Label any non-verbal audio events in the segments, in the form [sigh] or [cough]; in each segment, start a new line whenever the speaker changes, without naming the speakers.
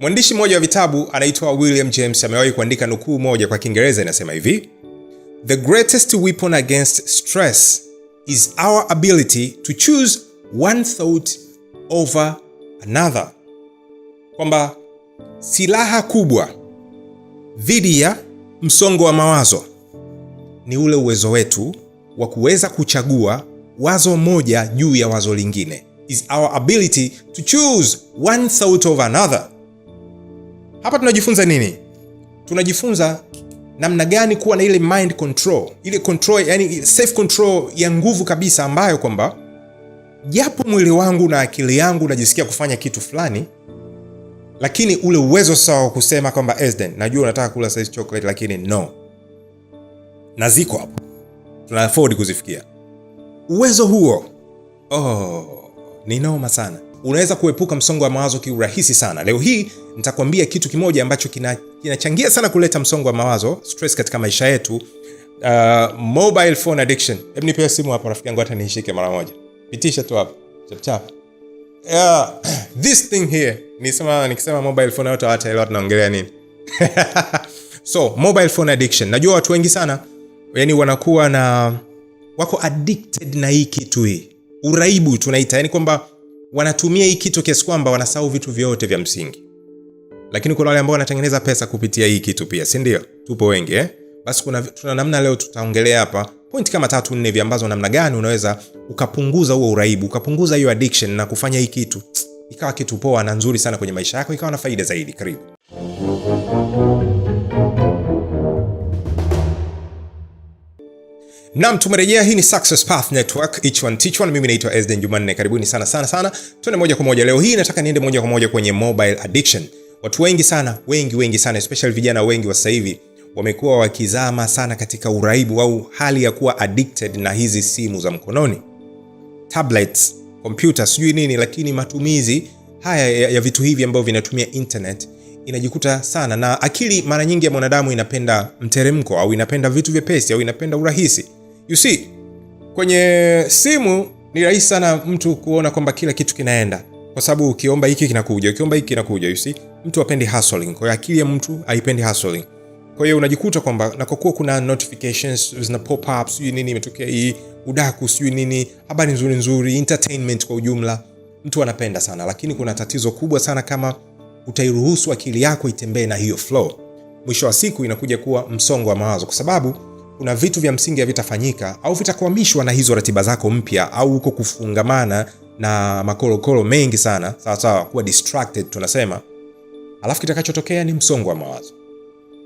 Mwandishi mmoja wa vitabu anaitwa William James amewahi kuandika nukuu moja kwa Kiingereza inasema hivi: The greatest weapon against stress is our ability to choose one thought over another, kwamba silaha kubwa dhidi ya msongo wa mawazo ni ule uwezo wetu wa kuweza kuchagua wazo moja juu ya wazo lingine, is our ability to choose one thought over another. Hapa tunajifunza nini? Tunajifunza namna gani kuwa na ile mind control, ile control, yani safe control ya nguvu kabisa, ambayo kwamba japo mwili wangu na akili yangu najisikia kufanya kitu fulani, lakini ule uwezo sawa wa kusema kwamba Ezden, najua unataka kula size chocolate, lakini no, na ziko hapo, tuna afford kuzifikia. Uwezo huo, oh, ni noma sana unaweza kuepuka msongo wa mawazo kiurahisi sana. Leo hii nitakwambia kitu kimoja ambacho kinachangia kina sana kuleta msongo wa mawazo, stress katika maisha yetu. Uh, mobile phone addiction. Hebu nipe simu hapa rafiki yangu, hata nishike mara moja, pitisha tu hapa chap chap. Yeah, [clears throat] this thing here nisema, nikisema mobile phone watu hawataelewa tunaongelea nini. [laughs] So mobile phone addiction, najua watu wengi sana yani wanakuwa na wako addicted na hii kitu hii, uraibu tunaita, yani kwamba wanatumia hii kitu kiasi kwamba wanasahau vitu vyote vya msingi. Lakini kuna wale ambao wanatengeneza pesa kupitia hii kitu pia, si ndio? Tupo wengi eh? Basi kuna tuna namna leo tutaongelea hapa point kama tatu nne vya ambazo namna gani unaweza ukapunguza huo uraibu, ukapunguza hiyo addiction na kufanya hii kitu ikawa kitu poa na nzuri sana kwenye maisha yako, ikawa na faida zaidi. Karibu. Naam, tumerejea. Hii ni Success Path Network, each one teach one. Mimi naitwa Ezden Jumanne, karibuni sana sana sana. Tuende moja kwa moja leo hii, nataka niende moja kwa moja kwenye mobile addiction. Watu wengi sana wengi wengi sana especially vijana wengi wa sasa hivi wamekuwa wakizama sana katika uraibu au hali ya kuwa addicted na hizi simu za mkononi, tablets, computer, sijui nini, lakini matumizi haya ya vitu hivi ambavyo vinatumia internet inajikuta sana, na akili mara nyingi ya mwanadamu inapenda mteremko au inapenda vitu vyepesi au inapenda urahisi You see, kwenye simu ni rahisi sana mtu kuona kwamba kila kitu kinaenda, kwa sababu ukiomba hiki kinakuja, ukiomba hiki kinakuja. You see, mtu apendi hustling, kwa hiyo akili ya mtu haipendi hustling. Kwa hiyo unajikuta kwamba na kwa kuwa kuna notifications zina pop up, sijui nini imetokea hii, udaku sijui nini, habari nzuri nzuri, entertainment kwa ujumla, mtu anapenda sana, lakini kuna tatizo kubwa sana kama utairuhusu akili yako itembee na hiyo flow, mwisho wa siku inakuja kuwa msongo wa mawazo, kwa sababu kuna vitu vya msingi havitafanyika au vitakwamishwa na hizo ratiba zako mpya, au uko kufungamana na makorokoro mengi sana, sawa sawa, kuwa distracted tunasema, alafu kitakachotokea ni msongo wa mawazo.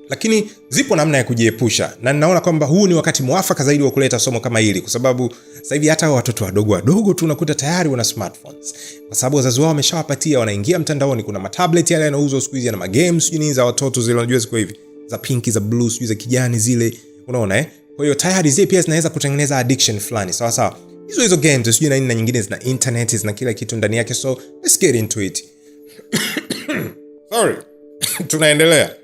Lakini zipo namna ya kujiepusha, na ninaona kwamba huu ni wakati mwafaka zaidi wa kuleta somo kama hili, kwa sababu sasa hivi hata watoto wadogo wadogo tu unakuta tayari wana smartphones, kwa sababu wazazi wao wameshawapatia, wanaingia mtandaoni. Kuna matablet yale yanauzwa siku hizi, yana magames sijui nini za watoto zile, unajua siku hivi za pinki za blue, sijui za kijani zile unaona eh? Kwa hiyo tayari zile pia zinaweza kutengeneza addiction fulani, sawa sawa. Hizo hizo games sijui na nini na nyingine zina internet zina kila kitu ndani yake, so let's get into it [coughs] sorry [coughs] tunaendelea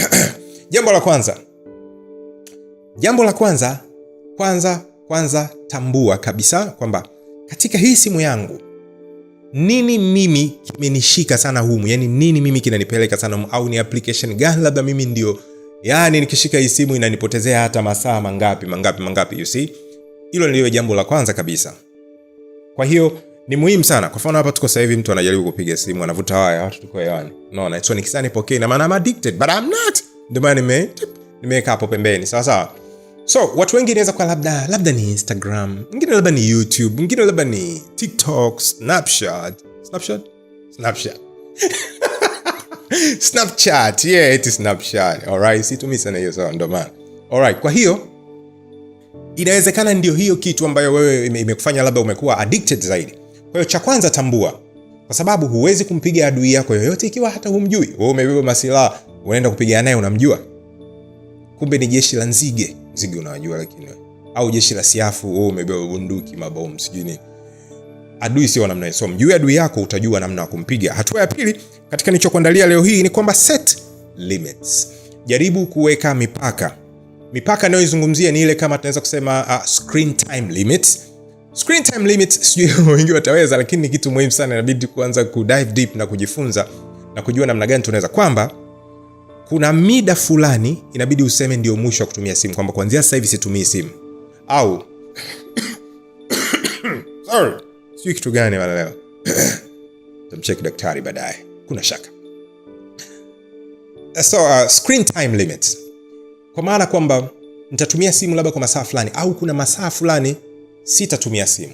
[coughs] jambo la kwanza, jambo la kwanza kwanza kwanza, tambua kabisa kwamba katika hii simu yangu nini mimi kimenishika sana humu, yani nini mimi kinanipeleka sana humu, au ni application gani labda mimi ndio yaani nikishika hii simu inanipotezea hata masaa mangapi mangapi mangapi, you see. Hilo ndilo jambo la kwanza kabisa. Kwa hiyo ni muhimu sana. Kwa mfano hapa tuko sasa hivi, mtu anajaribu kupiga simu, anavuta waya watu tuko hewani, unaona so ni kisani pokea, na maana I'm addicted but I'm not, ndio maana nime nimeweka hapo pembeni, sawa sawa. So watu wengi inaweza kuwa labda labda ni Instagram, mwingine labda ni YouTube, mwingine labda ni TikTok, Snapchat, Snapchat, Snapchat [laughs] [laughs] Snapchat. Yeah, it is Snapchat. Alright, situmii sana hiyo sawa, ndo maana. Alright, kwa hiyo inawezekana ndio hiyo kitu ambayo wewe imekufanya labda umekuwa addicted zaidi. Kwa hiyo cha kwanza tambua, kwa sababu huwezi kumpiga adui yako yoyote ikiwa hata humjui. Wewe umebeba masilaha, unaenda kupigana naye, unamjua, kumbe ni jeshi la nzige. Nzige unawajua, lakini au jeshi la siafu. Wewe umebeba bunduki, mabomu, sijui nini adui sio namna hiyo. So mjue adui yako, utajua namna ya kumpiga. Hatua ya pili katika nilichokuandalia leo hii ni kwamba set limits. Jaribu kuweka mipaka. Mipaka nayoizungumzia ni ile kama tunaweza kusema uh, screen time limits. Screen time limits sijui [laughs] wengi wataweza, lakini ni kitu muhimu sana, inabidi kuanza ku dive deep na kujifunza na kujua namna gani tunaweza kwamba kuna mida fulani inabidi useme ndio mwisho wa kutumia simu, kwamba kuanzia sasa hivi situmii simu au [coughs] [coughs] sorry sijui kitu gani wala leo. [clears throat] Tamcheki daktari baadaye, kuna shaka. Eh, so, uh, screen time limit kwa maana kwamba nitatumia simu labda kwa masaa fulani au kuna masaa fulani sitatumia simu.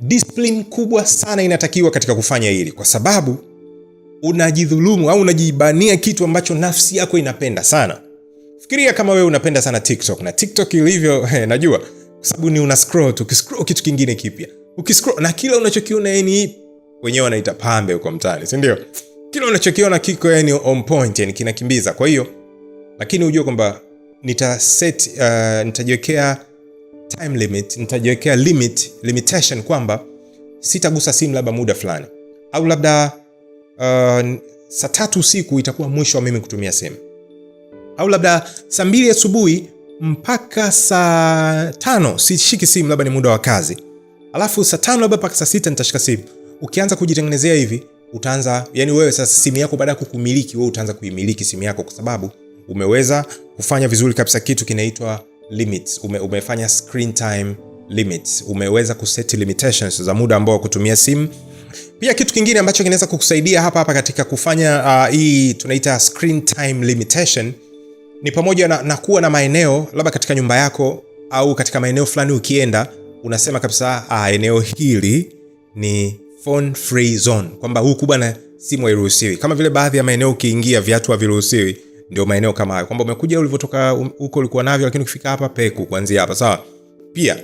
Discipline kubwa sana inatakiwa katika kufanya hili, kwa sababu unajidhulumu au unajibania kitu ambacho nafsi yako inapenda sana. Fikiria kama wewe unapenda sana TikTok na TikTok ilivyo, [laughs] eh, najua kwa sababu ni una scroll tu, kitu kingine kipya ukiscroll na kila unachokiona yani wenyewe wanaita pambe huko mtaani, si ndio? Kila unachokiona kiko yani on point, yani kinakimbiza. Kwa hiyo lakini ujue kwamba nita set uh, nitajiwekea time limit, nitajiwekea limit limitation kwamba sitagusa simu labda muda fulani, au labda uh, saa tatu usiku itakuwa mwisho wa mimi kutumia simu, au labda saa mbili asubuhi mpaka saa tano sishiki simu, labda ni muda wa kazi Alafu saa tano labda mpaka saa sita nitashika simu. Ukianza kujitengenezea hivi, utaanza yani wewe sasa simu yako baada ya kukumiliki wewe utaanza kuimiliki simu yako kwa sababu umeweza kufanya vizuri kabisa kitu kinaitwa limits. Ume, umefanya screen time limits. Umeweza kuset limitations za muda ambao wa kutumia simu. Pia kitu kingine ambacho kinaweza kukusaidia hapa hapa katika kufanya uh, hii tunaita screen time limitation ni pamoja na, na kuwa na maeneo labda katika nyumba yako au katika maeneo fulani ukienda unasema kabisa ah, eneo hili ni phone free zone, kwamba huku bwana simu hairuhusiwi, kama vile baadhi ya maeneo ukiingia viatu haviruhusiwi. Ndio maeneo kama hayo, kwamba umekuja ulivyotoka um, huko ulikuwa navyo, lakini ukifika hapa peku kuanzia hapa, sawa. Pia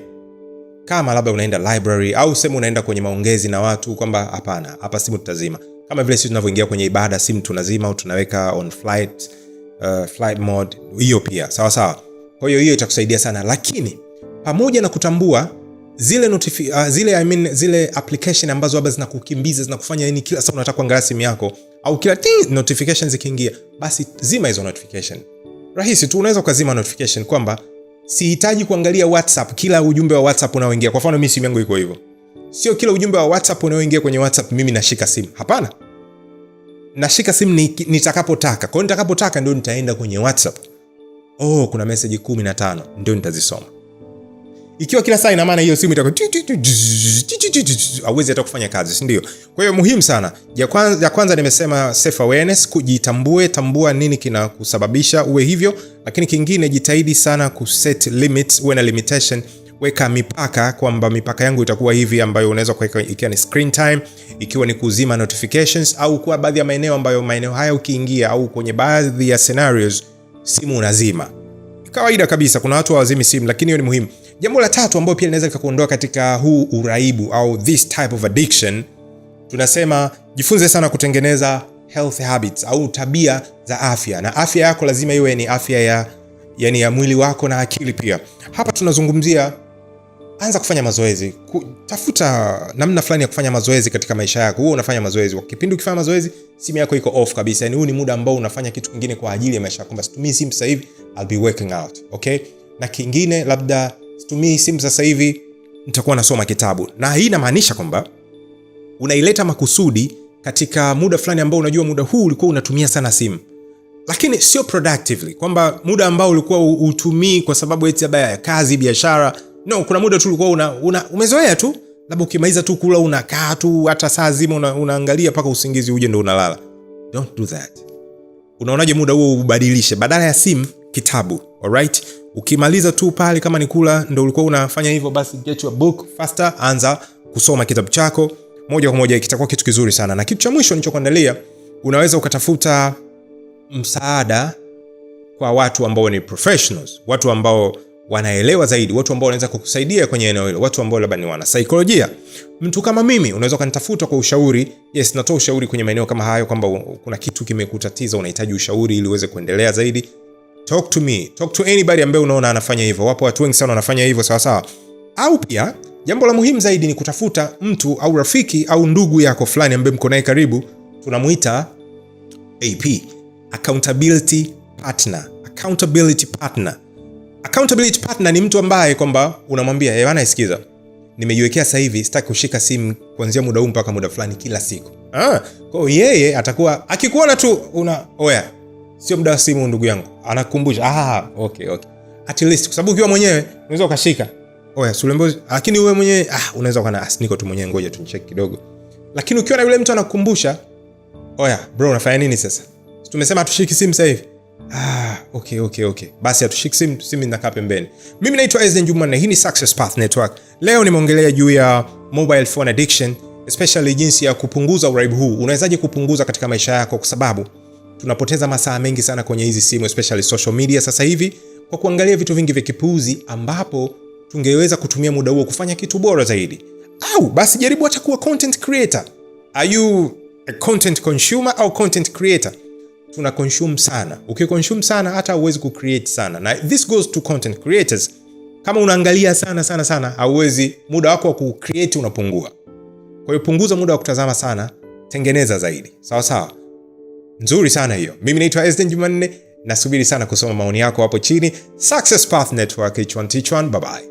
kama labda unaenda library au sehemu unaenda kwenye maongezi na watu, kwamba hapana, hapa simu tutazima, kama vile sisi tunavyoingia kwenye ibada simu tunazima au tunaweka on flight, uh, flight mode, hiyo pia sawa sawa. Kwa hiyo hiyo itakusaidia sana, lakini pamoja na kutambua zile notifi, uh, zile I mean, zile application ambazo labda zinakukimbiza zinakufanya nini kila saa unataka kuangalia simu yako au kila ting notification zikiingia, basi zima hizo notification. Rahisi tu, unaweza ukazima notification kwamba sihitaji kuangalia WhatsApp kila ujumbe wa WhatsApp unaoingia. Kwa mfano mimi simu yangu iko hivyo, sio kila ujumbe wa WhatsApp unaoingia kwenye WhatsApp mimi nashika simu. Hapana, nashika simu nitakapotaka. Kwa hiyo nitakapotaka ndio nitaenda kwenye WhatsApp. Oh, kuna message 15 ndio nitazisoma ikiwa kila saa inamaana hiyo simu itakuwa hata kufanya kazi, sindio Kwa hiyo muhimu sana ya kwanza, ya kwanza nimesema self awareness, kujitambue, tambua nini kinakusababisha uwe hivyo, lakini kingine jitahidi sana kuset limits, uwe na limitation weka mipaka kwamba mipaka yangu itakuwa hivi, ambayo unaweza kuweka ikiwa ni screen time, ikiwa ni kuzima notifications, au kuwa baadhi ya maeneo ambayo maeneo haya ukiingia, au kwenye baadhi ya scenarios simu unazima. Kawaida kabisa, kuna watu hawazimi simu, lakini hiyo ni muhimu. Jambo la tatu ambalo pia linaweza likakuondoa katika huu uraibu au this type of addiction, tunasema jifunze sana kutengeneza health habits au tabia za afya, na afya yako lazima iwe ni afya ya yani ya mwili wako na akili pia. Hapa tunazungumzia anza kufanya mazoezi, tafuta namna fulani ya kufanya mazoezi katika maisha yako. Wewe unafanya mazoezi, kwa kipindi ukifanya mazoezi simu yako iko off kabisa, yani huu ni muda ambao unafanya kitu kingine kwa ajili ya maisha yako, kwamba situmii simu sasa hivi, I'll be working out, okay. Na kingine labda situmii simu sasa hivi, nitakuwa nasoma kitabu. Na hii inamaanisha kwamba unaileta makusudi katika muda fulani ambao unajua muda huu ulikuwa unatumia sana simu, lakini sio productively, kwamba muda ambao ulikuwa utumii kwa sababu eti labda ya kazi, biashara. No, kuna muda tu ulikuwa una, una, umezoea tu labda ukimaliza tu kula unakaa tu hata saa zima una, unaangalia mpaka usingizi uje ndo unalala. Don't do that. Unaonaje muda huo ubadilishe, badala ya simu, kitabu. Alright? Ukimaliza tu pale, kama ni kula ndo ulikuwa unafanya hivyo, basi get your book faster, anza kusoma kitabu chako moja kwa moja, kitakuwa kitu kizuri sana. Na kitu cha mwisho nilichokuandalia, unaweza ukatafuta msaada kwa watu ambao ni professionals, watu ambao wanaelewa zaidi, watu ambao wanaweza kukusaidia kwenye eneo hilo, watu ambao labda ni wana saikolojia. Mtu kama mimi unaweza ukanitafuta kwa ushauri. Yes, natoa ushauri kwenye maeneo kama hayo, kwamba kuna kitu kimekutatiza, unahitaji ushauri ili uweze kuendelea zaidi talk to me, talk to anybody ambaye unaona anafanya hivyo. Wapo watu wengi sana wanafanya hivyo, sawa sawa. Au pia jambo la muhimu zaidi ni kutafuta mtu au rafiki au ndugu yako fulani ambaye mko naye karibu, tunamuita AP, accountability partner. Accountability partner. Accountability partner ni mtu ambaye kwamba unamwambia eh, bana, sikiza, nimejiwekea sasa hivi sitaki kushika simu kuanzia muda huu mpaka muda fulani kila siku. Ah, kwa hiyo yeye atakuwa akikuona tu una oya oh sio muda wa simu, ndugu yangu, anakukumbusha ah, okay, okay, at least kwa sababu ukiwa mwenyewe unaweza ukashika oya sulembo, lakini wewe mwenyewe ah, unaweza ukana ah, niko tu mwenyewe, ngoja tu nicheki kidogo. Lakini ukiwa na yule mtu anakukumbusha, oya bro, unafanya nini sasa? Tumesema hatushiki simu sasa hivi. Ah, okay, okay, okay. Basi hatushiki simu, simu inakaa pembeni. Mimi naitwa Ezden Juma na hii ni Success Path Network. Leo nimeongelea juu ya mobile phone addiction, especially jinsi ya kupunguza uraibu huu. Unawezaje kupunguza katika maisha yako kwa sababu tunapoteza masaa mengi sana kwenye hizi simu especially social media sasa hivi kwa kuangalia vitu vingi vya kipuuzi ambapo tungeweza kutumia muda huo kufanya kitu bora zaidi. Au basi jaribu hata kuwa content creator. Are you a content consumer au content creator? Tuna consume sana. Ukiconsume sana hata huwezi kucreate sana. Na this goes to content creators. Kama unaangalia sana sana sana, hauwezi, muda wako wa kucreate unapungua. Kwa hiyo punguza muda wa kutazama sana, tengeneza zaidi. Sawa sawa nzuri sana hiyo mimi naitwa esden jumanne nasubiri sana kusoma maoni yako hapo chini success path network h1